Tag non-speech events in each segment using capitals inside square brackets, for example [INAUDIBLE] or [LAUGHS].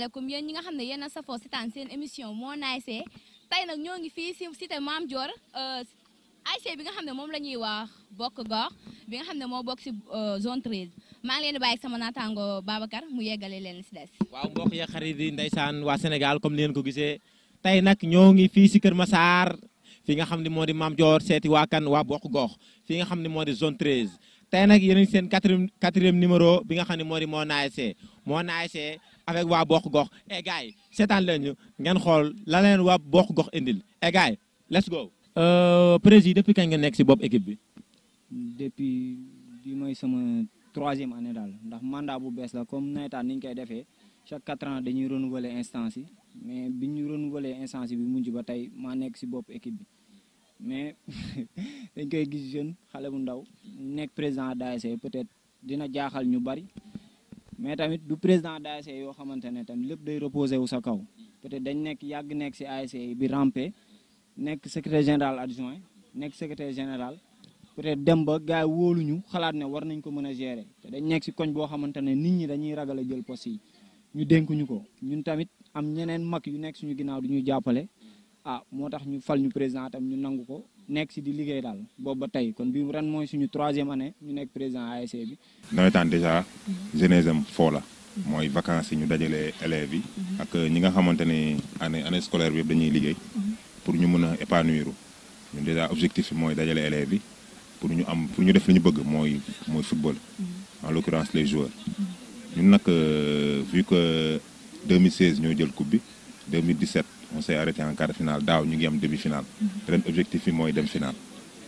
asalaamaaleykum yéen ñi nga xam ne yéen a safoo seetaan moo naysee tey nag ñoo ngi fii si cité Mame Dior euh, bi nga xam ne moom la ñuy wax bokk gox bi nga xam ne moo bokk si euh, zone 13 maa ngi leen di bàyyi sama naataango Babacar mu yeggale leen si des. waaw mbokk ya xarit yi waa Sénégal comme ni ko gisee tey nag ñoo ngi fii si Kër Massar fi nga xam ne moo di Mame Dior seeti waa waa bokk gox fi nga xam ne moo di zone 13 tey nag yéen a ngi seen quatrième quatrième bi nga xam ne moo di moo naysee avec waa bokk gox e gars yi seetaan leen ngeen xool la leen waa bokk gox indil e gars yi let's go euh, président depuis kañ nga nekk si bopp équipe bi depuis bi mooy sama troisième année daal ndax mandat bu bees la comme nawetaan ni ñu koy defee chaque quatre ans dañuy renouveler instance yi mais bi ñu renouveler instance bi mujj ba tey maa nekk si bopp équipe bi mais [LAUGHS] dañ koy gis jeune xale bu ndaw nekk président d'ASC peut-être dina jaaxal ñu bari mais tamit du président se yoo xamante ne tamit lépp day reposé wu sa kaw peut-être dañ nekk yàgg nekk si ASC bi e rampe nekk secrétaire général adjoint nekk secrétaire général peut-être dem ba gars yi wóoluñu xalaat ne war nañ ko mën a gérer te dañ nekk si koñ boo xamante ne nit ñi dañuy ragal a jël poste yi ñu dénkuñu ko ñun tamit am ñeneen mag yu nekk suñu ginnaaw du ñuy jàppale ah moo tax ñu fal ñu président tam ñu nangu ko nekk si di liggéey daal boobu ba tey kon bi ren mooy suñu troisième année ñu nekk président ASC bi. nawetaan dèjà jeunesse am foo la. mooy vacances yi ñu dajale élèves yi. Mhm. ak ñi nga xamante ne année année scolaire bi yëpp dañuy liggéey. Mhm. pour ñu mën a épanouir ñun dèjà objectif mooy dajale élèves yi pour ñu am pour ñu def li ñu bëgg mooy mooy football. Mhm. en l'occurrence les joueurs. ñun nag euh, vu que 2016 ñoo jël coupe bi 2017 on s'est arrêté en quart de finale daaw ñu ngi am demi finale. ren objectif bi mooy dem final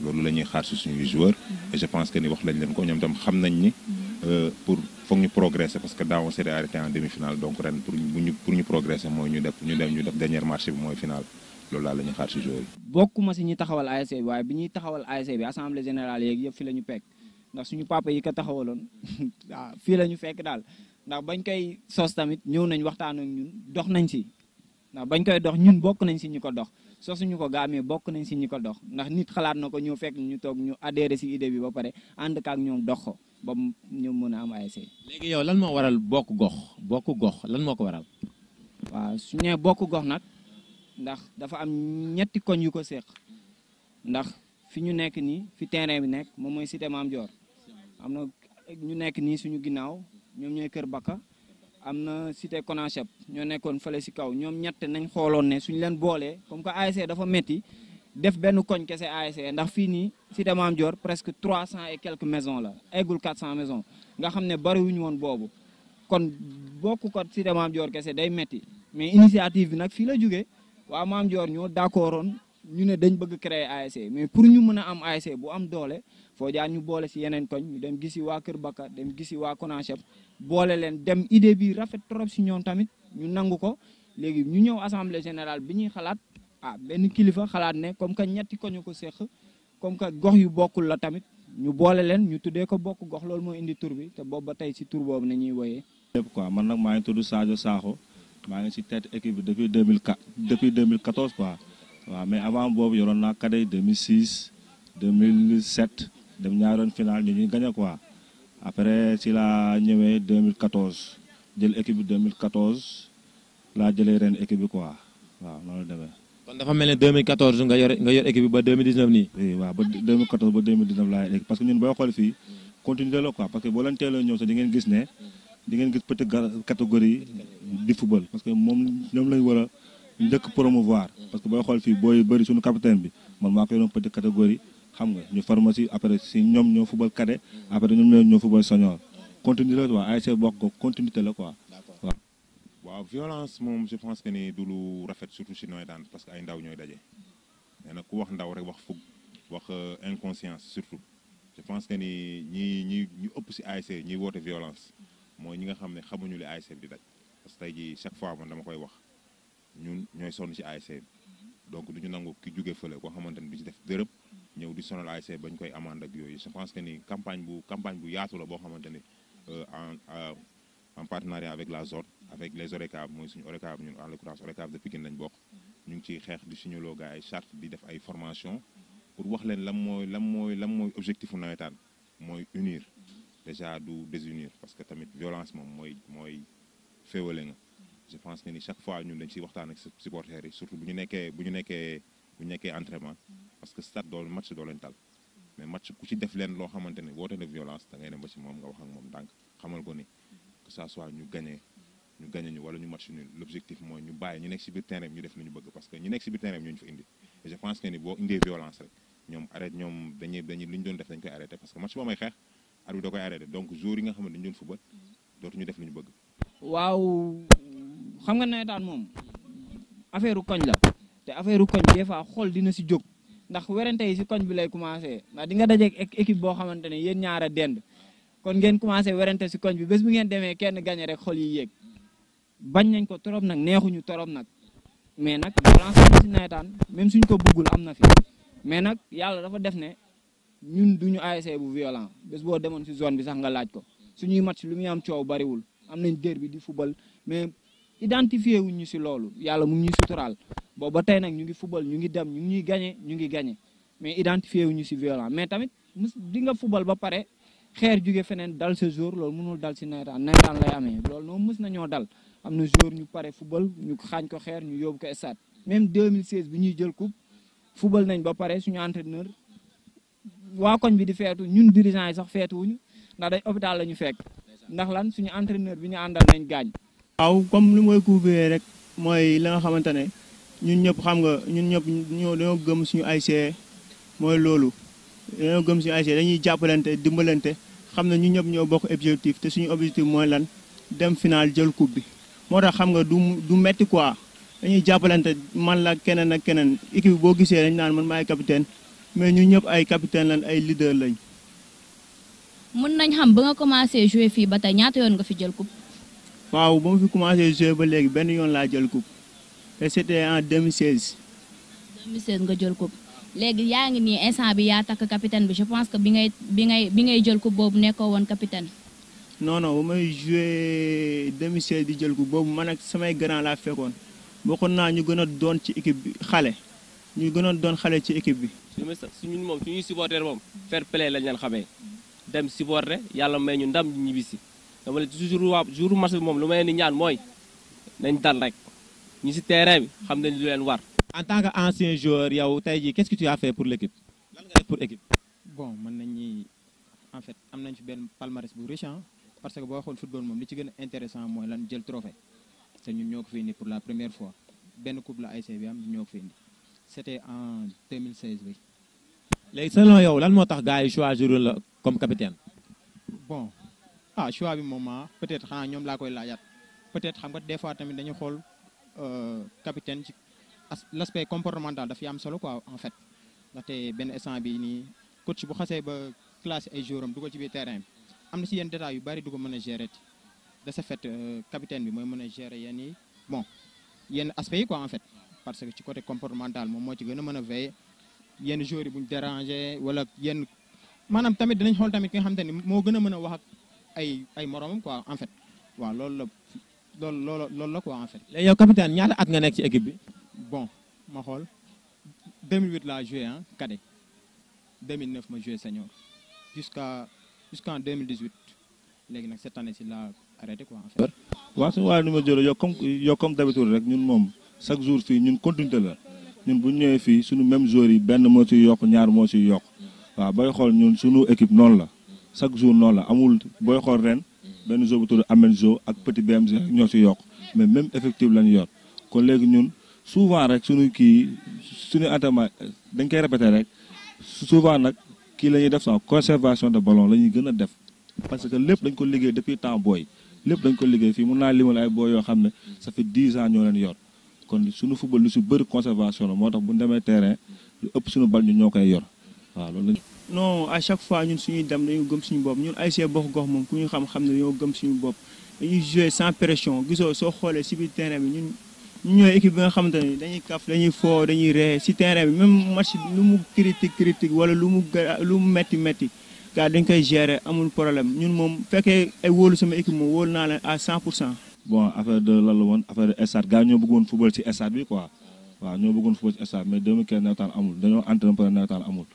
loolu la ñuy xaar si suñuy joueur et je pense que ni wax lañ leen ko ñoom xam nañ ni euh, pour foog ñu progresser que daaw on s'est arrêté en demi-finale donc ren dem ñu def dernier marché bi mooy final loolu daal la ñuy xaar si joueur yi. bokkuma si ñi taxawal ASC bi waaye bi ñuy taxawal ASC bi assemblée la ñu pekk ndax suñu papa yi ko taxawaloon [LAUGHS] waaw fii la ñu fekk daal ndax bañ tamit ñëw nañ waxtaan ak ñun dox nañ si ndax bañ koy dox ñun bokk nañ si ñu ko dox. su ñu ko gaamee bokk nañ si ñi ko dox ndax nit xalaat na ko ñëw fekk ñu toog ñu adhéré si idée bi ba pare ànd ak ñoom dox ko ba ñu mën a am ASC. léegi yow lan moo waral bokk gox bokk gox lan moo ko waral. waaw su ñu bokk gox nag ndax dafa am ñetti koñ yu ko séq ndax fi ñu nekk nii fi terrain bi nekk moom mooy cité Mame Dior am na ñu nekk nii suñu ginnaaw ñoom ñooy Kër Bakka. am na cité Conachep ñoo nekkoon fale si kaw ñoom ñett nañ xooloon ne suñ leen boolee comme que ASC dafa métti def benn koñ kese ASC ndax fii nii cité Maam Dior presque trois cent et quelques maisons la eggul quatre cent maisons nga xam ne bariwuñu woon boobu kon bokk ko cité Maam Dior kese day métti mais initiative bi nag fii la jógee waa Maam Dior ñoo d'accordoon ñu ne dañ bëgg créer ASC mais pour ñu mën a am ASC bu am doole foo jaar ñu boole si yeneen koñ ñu gis gisi waa Kër Bakka dem gisi waa Konachep boole leen dem idée bi rafet trop si ñoom tamit ñu nangu ko léegi ñu ñëw assemblée général bi ñuy xalaat ah benn kilifa xalaat ne comme que ñetti koñu ko seq comme que gox yu bokkul la tamit ñu boole leen ñu tuddee ko bokk gox lool moo indi tur bi te boob ba tey si tur boobu na ñuy woyee. lépp quoi man nag maa ngi tudd Sadio Sakho maa waaw mais avant boobu yoroon naa cadet 2006 2007 dem ñaari yoon final ñu ñuy gagné quoi après si laa ñëwee 2014 jël équipe bi 2014 laa jëlee ren équipe bi quoi waaw noonu la demee. kon dafa mel ne 2014 mil yor nga yor équipe bi ba 2019 nii. oui waaw ba 2014 ba 2019 laa yor parce que ñun boo xool fii continuer la quoi parce que boo leen teeloon ñëw sax di ngeen gis ne di ngeen gis peut-être moom ñoom lañ war njëkk promouvoir parce que booy xool fii booy bëri suñu capitaine bi man maa ko yoroon petite catégorie xam nga ñu pharmacie après si ñoom ñoo football cadet après ñoom ñoo ñoo football senior continué la quoi ASC bokk ko continuité la quoi waaw waaw moom je pense que ni du rafet surtout si nooy daan parce que ay ndaw ñooy daje mais nag ku wax ndaw rek wax fug wax euh, inconscience surtout je pense que ni ñi ñi ñu ëpp si ASC ñiy woote violence mooy ñi nga xam ne xamuñu li ASC bi di daj parce que tey jii chaque fois man dama koy wax ñun ñooy sonn ci ASC donc du ñu nangu ki jugee fële koo xamante ni du ci def dërëb ñëw di sonal ASC bañ koy amande ak yooyu je pense que ni campagne bu campagne bu yaatu boo xamante ni euh, en euh, en partenariat avec la zone avec les ORECAV mooy suñu ORECAV ñun en l'occurrence ORECAV de Pikine lañ bokk ñu ngi ciy xeex di signaloo gars yi charte di def ay formation pour wax leen lan mooy lan mooy lan mooy objectif u nawetaan mooy unir déjà du désunir parce que tamit violence moom mooy mooy féewale nga je pense que ni chaque fois ñun dañ siy waxtaan ak supporters yi surtout bu ñu nekkee bu ñu nekkee bu ñu nekkee entraînement parce que stade dool match doo leen tal mais match ku ci def leen loo xamante ni boo indee violence rek ñoom arrêté ñoom dañuy dañuy doon def dañu koy arrêté parce que match boo may xeex arbitre da koy arrêté donc jour yi nga xam ne dañu doon football dootuñu def lu ñu bëgg xam nga nawetaan moom affaire koñ la te affaire koñ des fois xool dina si jóg ndax werante yi si koñ bi lay commencé ndax di nga dajeeg équipe boo xamante ne yéen ñaara dend kon ngeen commencé werante si koñ bi bés bu ngeen demee kenn gañe xool yi yéeg bañ nañ ko trop nag neexuñu trop nag mais nag balance si nawetaan même suñ ko buggul am na fi mais nag yàlla dafa def ne ñun duñu ASC bu violent bés boo demoon si zone bi sax nga laaj ko suñuy match lu muy am coow bariwul am nañ derby di football mais identifié wuñ ñu si loolu yàlla mu ngi ñuy suturaal boobu ba tey nag ñu ngi fubal ñu ngi dem ñu ngi ñuy gagné ñu ngi gagné mais identifié wuñ ñu si violent mais tamit mus di nga fubal ba pare xeer juge feneen dal sa jour loolu mënul dal si nawetaan nawetaan lay amee loolu noonu mës nañoo dal am na jour ñu pare fubal ñu xaañ ko xeer ñu yóbbu ko stade même 2016 bi ñuy jël coupe fubal nañ ba pare suñu entraîneur waa koñ bi di feetu ñun dirigeant yi sax feetuwuñu ndax dañ hôpital la ñu fekk ndax lan suñu entraîneur bi ñu àndal nañ gaañ waaw comme li mooy couvrir rek mooy la nga xamante ne ñun ñëpp xam nga ñun ñëpp ñoo dañoo gëm suñu ay ASC mooy loolu dañoo gëm suñu ASC dañuy jàppalante dimbalante xam na ñu ñëpp ñoo bokk objectif te suñu objectif mooy lan dem final jël coupe bi moo tax xam nga du du metti quoi dañuy jàppalante man la keneen ak keneen équipe boo gisee dañ naan man maay capitaine mais ñu ñëpp ay capitaine lañ ay leader lañ. mën nañ xam ba nga commencé jouer fii ba tey ñaata yoon nga fi jël coupe. waaw ba ma fi commencé jouer ba léegi benn yoon laa jël coupe te c'était en 2016. 2016 nga jël coupe léegi yaa ngi nii instant bi yaa takk capitaine bi je pense que bi ngay bi ngay bi ngay jël coupe boobu nekkoo woon capitaine. non ba may joué 2016 di jël coupe boobu mën ak samay grand laa fekkoon bokkoon naa ñu gën a doon ci équipe bi xale ñuy gën doon xale ci équipe bi. ñu moom suñuy supporter moom fair play lañ leen xamee dem supporter yàlla may ñu ndam ñibbisi. dama ne jour match bi moom lu may ni ñaan mooy nañ dal rek ñi si terrain bi xam nañ lu leen war. en tant que ancien joueur yow tey jii qu'est-ce que tu as fait pour l'équipe lan nga def pour équipe. bon mën nañu en fait am nañ fi benn palmarès bu riche parce que boo xool football moom li ci gën a intéressant mooy lan jël trophée te ñu ñoo ko fi ni pour la première fois benn coupe la ASC bi am ñun ñoo ko fi indi c'était en 2016 bi. léegi selon yow lan moo tax gars yi choisir la comme capitaine. bon ah choix bi moom ah peut être xanaa ñoom laa koy laajaat peut être xam nga des tamit dañu xool euh, capitaine ci comportemental daf am solo quoi en fait te benn instant bi nii coach bu xasee ba classe ay joueurs am dugal ci biir terrain bi am na si yenn détails yu bari du ko mën a gérer de ce fait euh, capitaine bi mooy mën a gérer yenn yi bon yenn aspects yi quoi en fait parce que ci côté comportemental moom moo ci gën a mën a veiller yenn joueurs yi bu ñu wala yenn maanaam tamit dinañ ay ay moromam quoi en fait waaw loolu la loolu loolu loolu la quoi en fait. léegi yow capitaine ñaata at nga nekk ci équipe bi. bon ma xool 2008 laa joué ah cadet 2009 ma joué senior jusqu'à jusqu'en 2018 léegi nag cette année ci laa arrêté quoi en fait. waaw suñu waaye nu ma jëloon yow comme yow comme d'habitude rek ñun moom chaque jour fii ñun continuité la ñun bu ñu ñëwee fii suñu même joueur yi benn moo ciy yokk ñaar moo ciy yokk waaw bay xool ñun suñu équipe noonu la. chaque jour noonu la amul booy xool ren benn zoo bu tudd Amène Zoo ak petit BMG ñoo ci yokk mais même effectif lañu yor kon léegi ñun souvent rek suñu kii suñu atama dañ koy répété rek souvent nag kii la ñuy def sax conservation de ballon la ñuy gën a def parce que lépp dañ ko liggéey depuis temps booy lépp dañ ko liggéey fii mun naa limal ay booy yoo xam ne ça fait dix ans ñoo leen yor kon suñu football lu si bëri conservation la moo tax bu ñu demee terrain lu ëpp suñu bal ñu ñoo koy yor non à chaque fois ñun suñuy dem dañoo gëm suñu bopp ñun ASC Bokk Gox moom ku ñu xam-xam ne dañoo gëm suñu bopp dañuy jouer sans pression gisoo soo xoolee si biir terrain bi ñun ñu ñooy équipe bi nga xamante ne dañuy kaf dañuy foo dañuy ree si terrain bi même match lu mu critique critique wala lu mu lu mu metti metti gars dañ koy gérer amul problème ñun moom fekkee ay wóolu sama équipe moom wóolu naa la pour cent. bon affaire lan la woon affaire de stade gars ñoo bëggoon football ñoo bëggoon football si mais 2015 nawetaan amul dañoo entraîné nawetaan amul.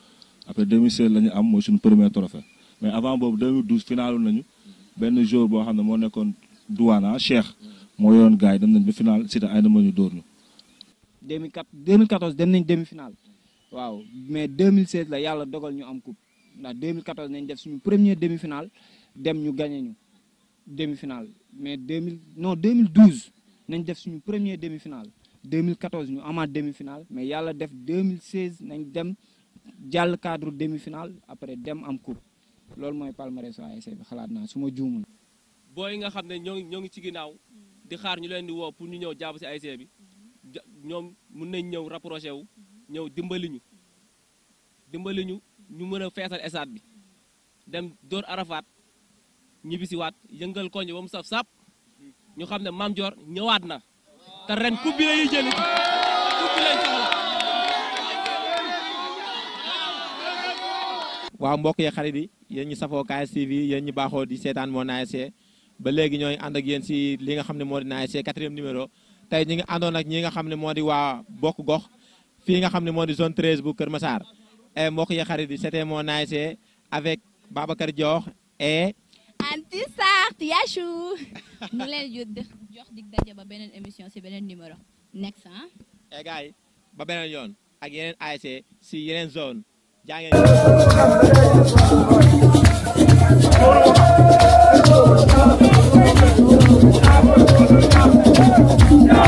après 2016 la ñu am mooy suñu premier trophée mais avant boobu 2012 finaalu nañu benn jour boo xam ne moo nekkoon Douana ah, Cheikh moo yoon gars yi dem nañ ba final Cité ay na ma ñu dóor ñu. 2004 2014 dem nañ demi final waaw mais 2016 la yàlla dogal ñu am coupe ndax 2014 nañ def suñu premier demi final dem ñu gagné ñu demi final mais 2000 non 2012 nañ def suñu premier demi final 2014 ñu amaat demi final mais yàlla def 2016 nañ dem. jàll cadre demi-finale après dem am coupe loolu mooy palmarès ASC bi xalaat naa su ma juumul. booy yi nga xam ne ñoo ngi ñoo ngi ci ginnaaw di xaar ñu leen di woo pour ñu ñëw jàpp si ASC bi ñoom mun nañ ñëw rapproché wu ñëw dimbali ñu dimbali ñu ñu mën a feesal stade bi dem dóor Arafat ñibbisiwaat yëngal koñ ba mu saf sap ñu xam ne Mame Dior ñëwaat na te ren coupe bi la ñuy waaw mbokk yee xarit yi yéen ñu safoo KS TV yéen ñu baaxoo di seetaan moo Nice ba léegi ñooy ànd ak yéen si li nga xam ne moo di Nice quatrième numéro tey ñi ngi àndoon ak ñi nga xam ne moo di waa bokk gox fii nga xam ne moo di zone 13 bu Kër Massar et mbokk yi xarit yi c'était moo Nice avec Babacar Dior et Anti Sart Yachou ñu leen jox jox dig daje ba beneen émission si beneen numéro next ah et eh, gars ba beneen yoon ak yeneen ASC si yeneen zone jaa ngeen